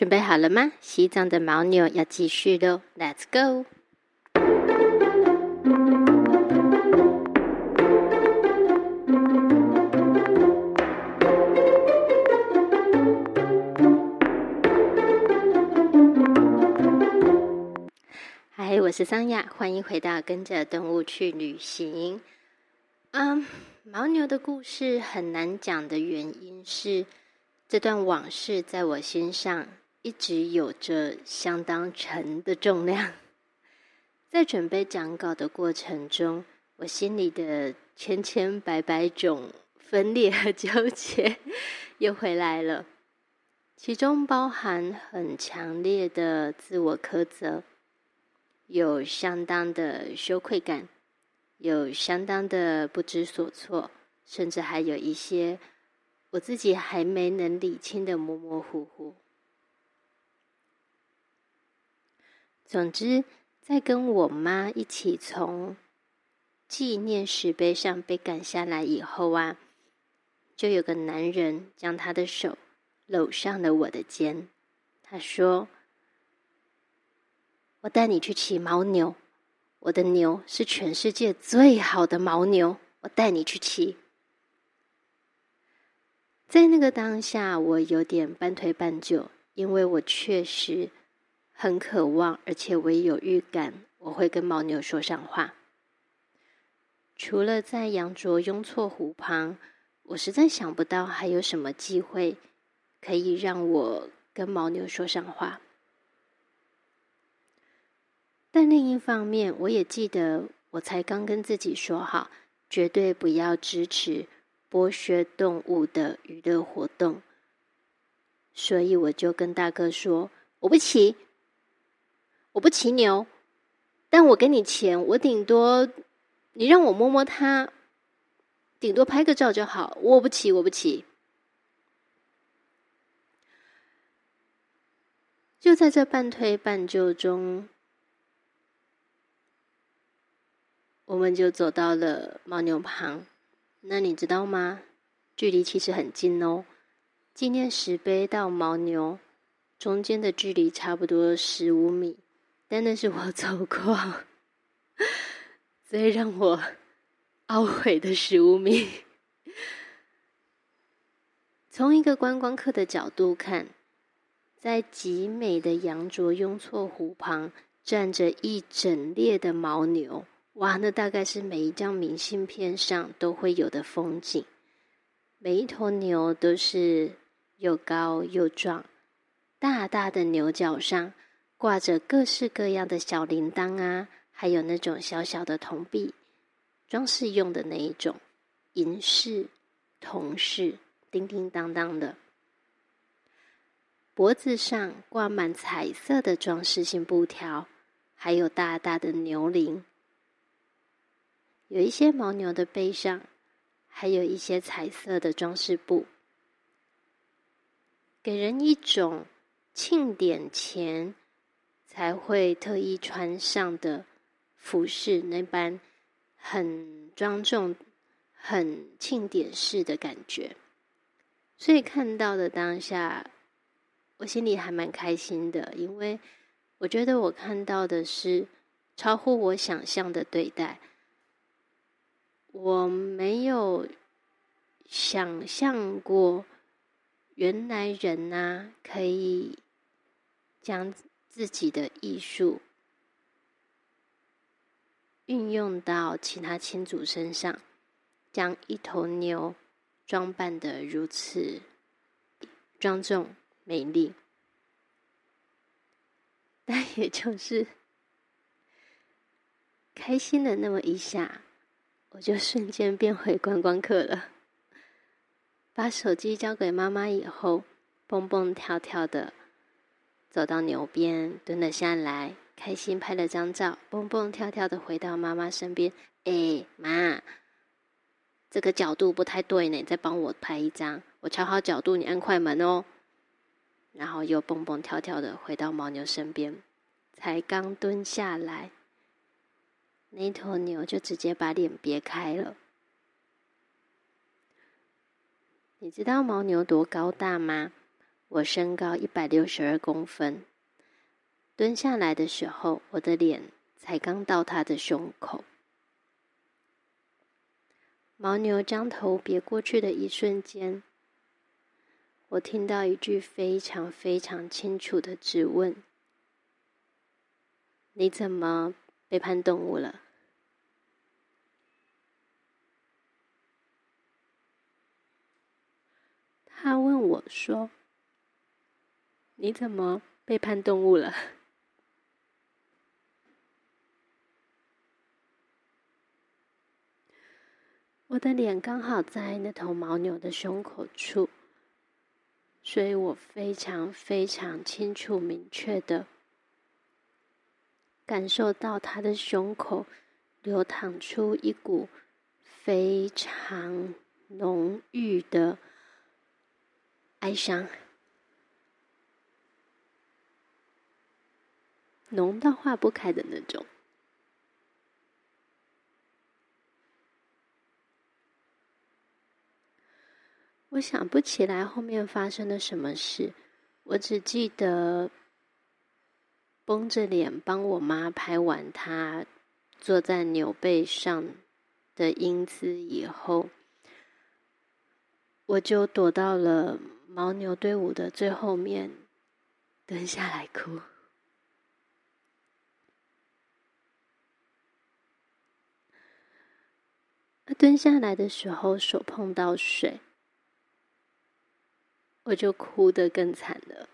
準備好了嗎？西藏的犛牛要繼續嘍，Let's go！嗨，我是桑雅，歡迎回到《跟着動物去旅行》。嗯，犛牛的故事很難講的原因是，這段往事在我心上。一直有着相當沉的重量，在準備講稿的過程中，我心裡的千千百百種分裂和糾結又回來了，其中包含很強烈的自我苛責，有相當的羞愧感，有相當的不知所措，甚至還有一些我自己還沒能理清的模模糊糊。總之，在跟我媽一起從紀念石碑上被趕下來以後啊，就有個男人將他的手摟上了我的肩。他說：“我帶你去騎犛牛，我的牛是全世界最好的犛牛，我帶你去騎。”在那個當下，我有點半推半就，因為我確實。很渴望，而且我也有預感，我會跟犛牛說上話。除了在羊卓雍措湖旁，我實在想不到還有什麼機會可以讓我跟犛牛說上話。但另一方面，我也記得，我才剛跟自己說好，絕對不要支持剝削動物的娛樂活動。所以我就跟大哥說，我不騎。我不騎牛，但我給你錢，我頂多你讓我摸摸它，頂多拍個照就好，我不騎，我不騎。就在這半推半就中，我們就走到了犛牛旁。那你知道嗎？距離其實很近哦，紀念石碑到犛牛中間的距離差不多十五米。但那是我走過最讓我懊悔的十五米。從一個觀光客的角度看，在極美的羊卓雍措湖旁站着一整列的犛牛，哇，那大概是每一張明信片上都會有的風景。每一頭牛都是又高又壯，大大的牛角上。掛着各式各樣的小鈴鐺啊，還有那種小小的銅幣，裝飾用的那一種，銀飾、銅飾，叮叮噹噹的。脖子上掛滿彩色的裝飾性布條，還有大大的牛鈴。有一些犛牛的背上，還有一些彩色的裝飾布，給人一種慶典前。才會特意穿上的服飾，那般，很莊重、很慶典式的感覺。所以看到的當下，我心裡還蠻開心的，因為我覺得我看到的是超乎我想象的對待。我沒有想象過，原來人啊可以這樣子。自己的藝術運用到其他親族身上，將一頭牛裝扮的如此莊重美麗，但也就是開心的那麼一下，我就瞬間變回觀光客了。把手機交給媽媽以後，蹦蹦跳跳的。走到牛邊，蹲了下來，開心拍了張照，蹦蹦跳跳的回到媽媽身邊。誒，媽，這個角度不太對呢，你再幫我拍一張。我瞧好角度，你按快門哦。然後又蹦蹦跳跳的回到犛牛身邊，才剛蹲下來，那頭牛就直接把臉別開了。你知道犛牛多高大嗎？我身高一百六十二公分，蹲下來的時候，我的臉才剛到他的胸口。犛牛將頭別過去的一瞬間，我聽到一句非常非常清楚的質問：“你怎麼背叛動物了？”他問我說，你怎麼背叛動物了？我的臉剛好在那頭犛牛的胸口處，所以我非常非常清楚、明確地感受到它的胸口流淌出一股非常濃郁的哀傷。濃到化不開的那種。我想不起來後面發生了什麼事，我只記得繃着臉幫我媽拍完她坐在牛背上的英姿以後，我就躲到了犛牛隊伍的最後面，蹲下來哭。蹲下來的時候，手碰到水，我就哭得更慘了。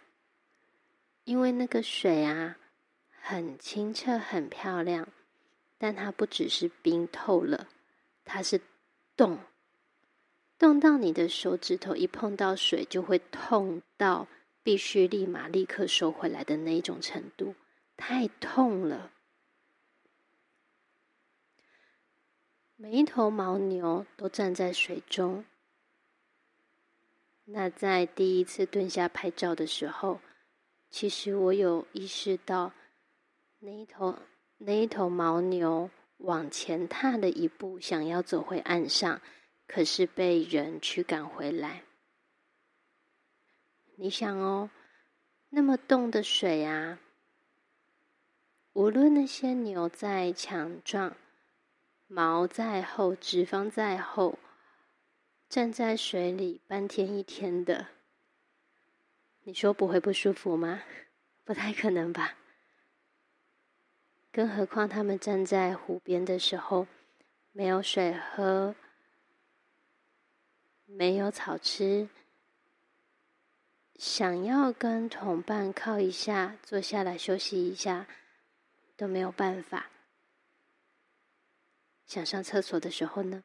因為那個水啊，很清澈，很漂亮，但它不只是冰透了，它是凍，凍到你的手指頭一碰到水就會痛到必須立馬立刻收回來的那一種程度，太痛了。每一頭牦牛都站在水中。那在第一次蹲下拍照的時候，其實我有意識到，那一頭那一頭牦牛往前踏了一步，想要走回岸上，可是被人驅趕回來。你想哦，那麼凍的水啊，無論那些牛再強壯。毛再厚，脂肪再厚，站在水裡半天一天的，你說不會不舒服嗎？不太可能吧。更何況他們站在湖邊的時候，沒有水喝，沒有草吃，想要跟同伴靠一下，坐下來休息一下，都沒有辦法。想上廁所的時候呢，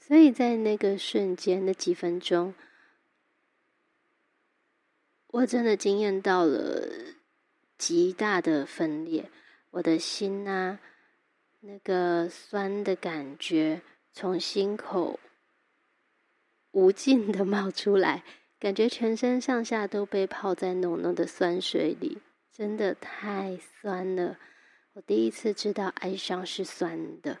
所以在那個瞬間，那幾分鐘，我真的經驗到了極大的分裂。我的心啊，那個酸的感覺從心口無盡的冒出來，感覺全身上下都被泡在濃濃的酸水裡。真的太酸了！我第一次知道哀傷是酸的。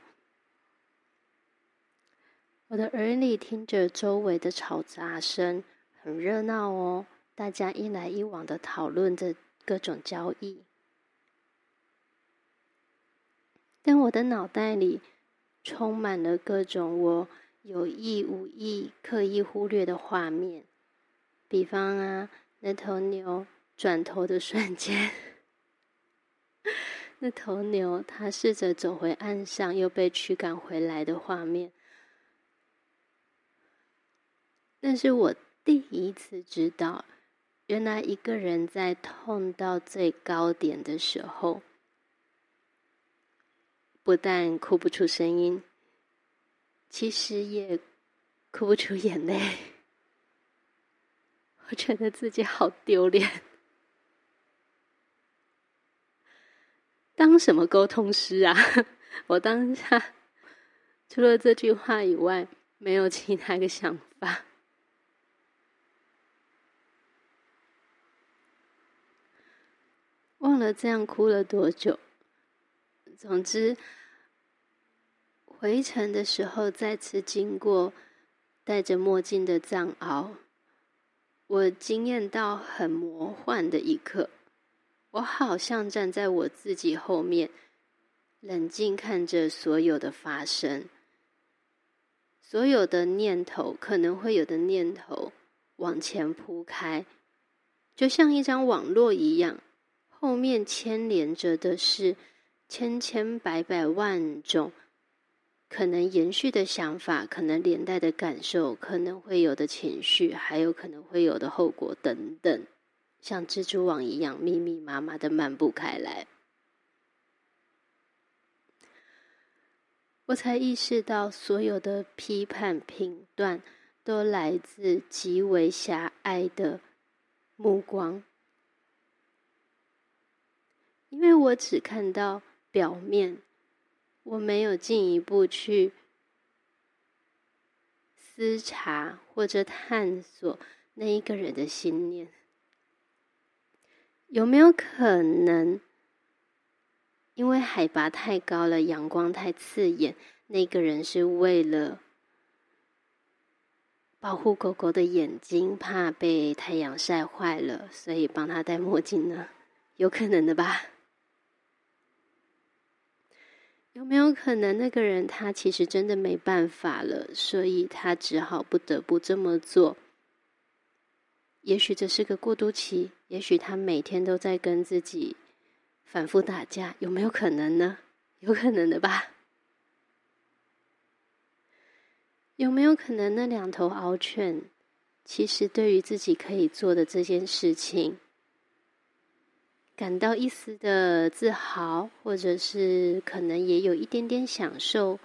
我的耳裡聽着周圍的嘈雜聲，很熱鬧哦，大家一來一往的討論着各種交易。但我的腦袋裡充滿了各種我有意無意、刻意忽略的畫面，比方啊，那頭牛。轉頭的瞬間，那頭牛它試着走回岸上，又被驅趕回來的畫面。那是我第一次知道，原來一個人在痛到最高點的時候，不但哭不出聲音，其實也哭不出眼淚。我覺得自己好丟臉。當什麼溝通師啊？我當下除了這句話以外，沒有其他的想法。忘了這樣哭了多久。總之，回程的時候再次經過戴着墨鏡的藏獒，我經驗到很魔幻的一刻。我好像站在我自己後面，冷靜看着所有的發生，所有的念頭、可能會有的念頭往前鋪開，就像一張網絡一樣，後面牽連着的是千千百百萬種可能延續的想法，可能連帶的感受，可能會有的情緒，還有可能會有的後果等等。像蜘蛛網一樣密密麻麻的漫布開來，我才意識到所有的批判、評斷都來自極為狹隘的目光，因為我只看到表面，我沒有進一步去思察或者探索那一個人的信念。有沒有可能，因為海拔太高了，陽光太刺眼，那個人是為了保護狗狗的眼睛，怕被太陽晒壞了，所以幫他戴墨鏡呢？有可能的吧？有沒有可能，那個人他其實真的沒辦法了，所以他只好不得不這麼做？也許這是個過渡期。也許他每天都在跟自己反覆打架，有沒有可能呢？有可能的吧。有沒有可能，那兩頭獒犬，其實對於自己可以做的這件事情，感到一絲的自豪，或者是可能也有一點點享受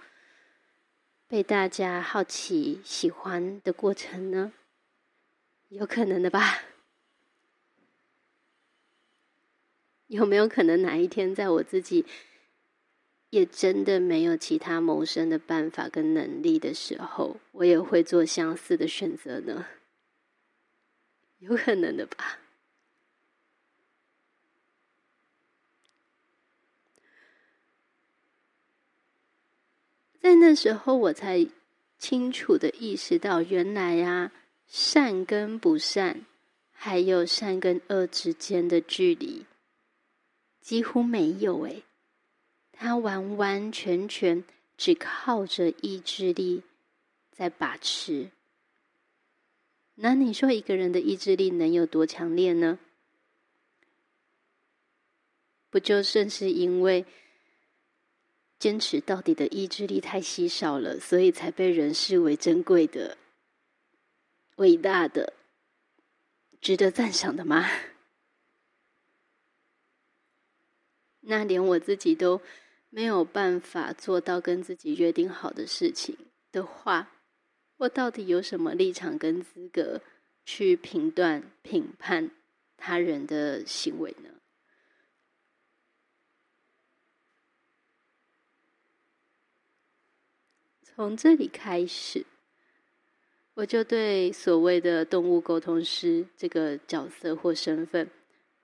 被大家好奇、喜歡的過程呢？有可能的吧。有沒有可能哪一天，在我自己也真的沒有其他謀生的辦法跟能力的時候，我也會做相似的選擇呢？有可能的吧？在那時候，我才清楚的意識到，原來呀，善跟不善，還有善跟惡之間的距離。幾乎沒有哎，他完完全全只靠着意志力在把持。那你說一個人的意志力能有多強烈呢？不就正是因為堅持到底的意志力太稀少了，所以才被人視為珍貴的、偉大的、值得讚賞的嗎？那連我自己都沒有辦法做到跟自己約定好的事情的話，我到底有什麼立場跟資格去評斷、評判他人的行為呢？從這裡開始，我就對所謂的動物溝通師這個角色或身份。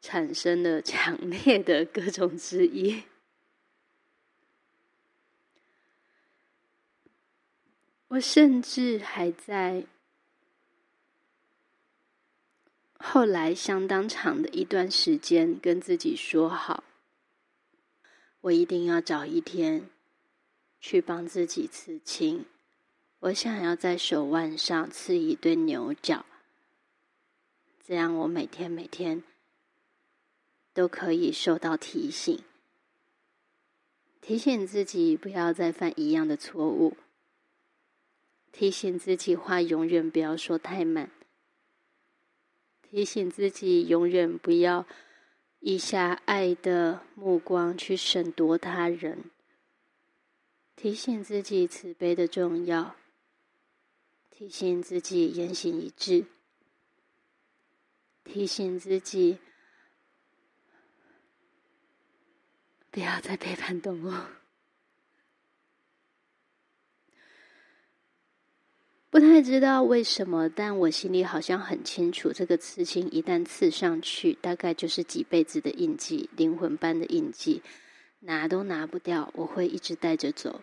產生了強烈的各種質疑。我甚至還在後來相當長的一段時間跟自己說好，我一定要找一天去幫自己刺青。我想要在手腕上刺一對牛角，這樣我每天每天。都可以受到提醒，提醒自己不要再犯一樣的錯誤，提醒自己話永遠不要說太滿，提醒自己永遠不要以狹隘的目光去審度他人，提醒自己慈悲的重要，提醒自己言行一致，提醒自己。不要再背叛動物。不太知道為什麼，但我心裡好像很清楚，這個刺青一旦刺上去，大概就是幾輩子的印記，靈魂般的印記，拿都拿不掉。我會一直帶着走，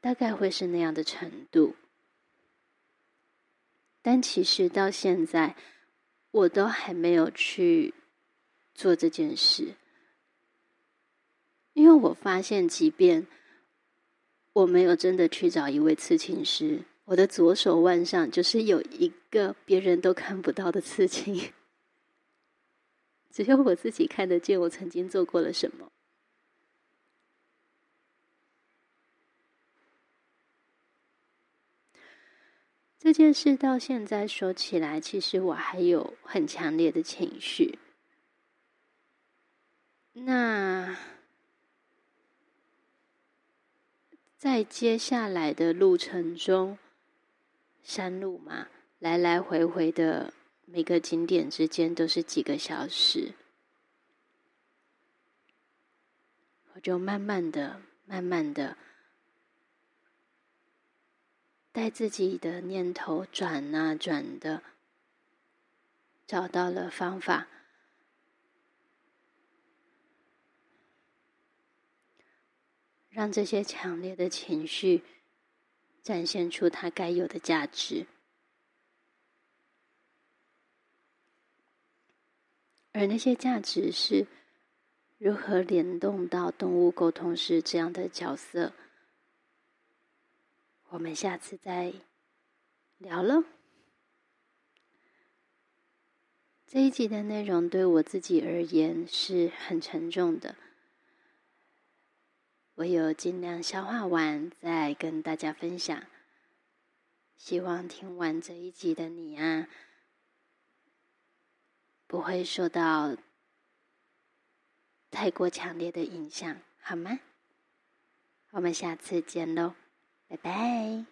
大概會是那樣的程度。但其實到現在，我都還沒有去做這件事。因為我發現，即便我沒有真的去找一位刺青師，我的左手腕上就是有一個別人都看不到的刺青，只有我自己看得見，我曾經做過了什麼。這件事到現在說起來，其實我還有很強烈的情緒。那。在接下來的路程中，山路嘛，來來回回的每個景點之間都是幾個小時，我就慢慢的、慢慢的，帶自己的念頭轉啊轉的，找到了方法。讓這些強烈的情緒展現出它該有的價值，而那些價值是如何聯動到動物溝通師這樣的角色？我們下次再聊了。這一集的內容對我自己而言是很沉重的。我有盡量消化完，再跟大家分享。希望聽完這一集的你啊，不會受到太過強烈的影響，好嗎？我們下次見嘍，拜拜。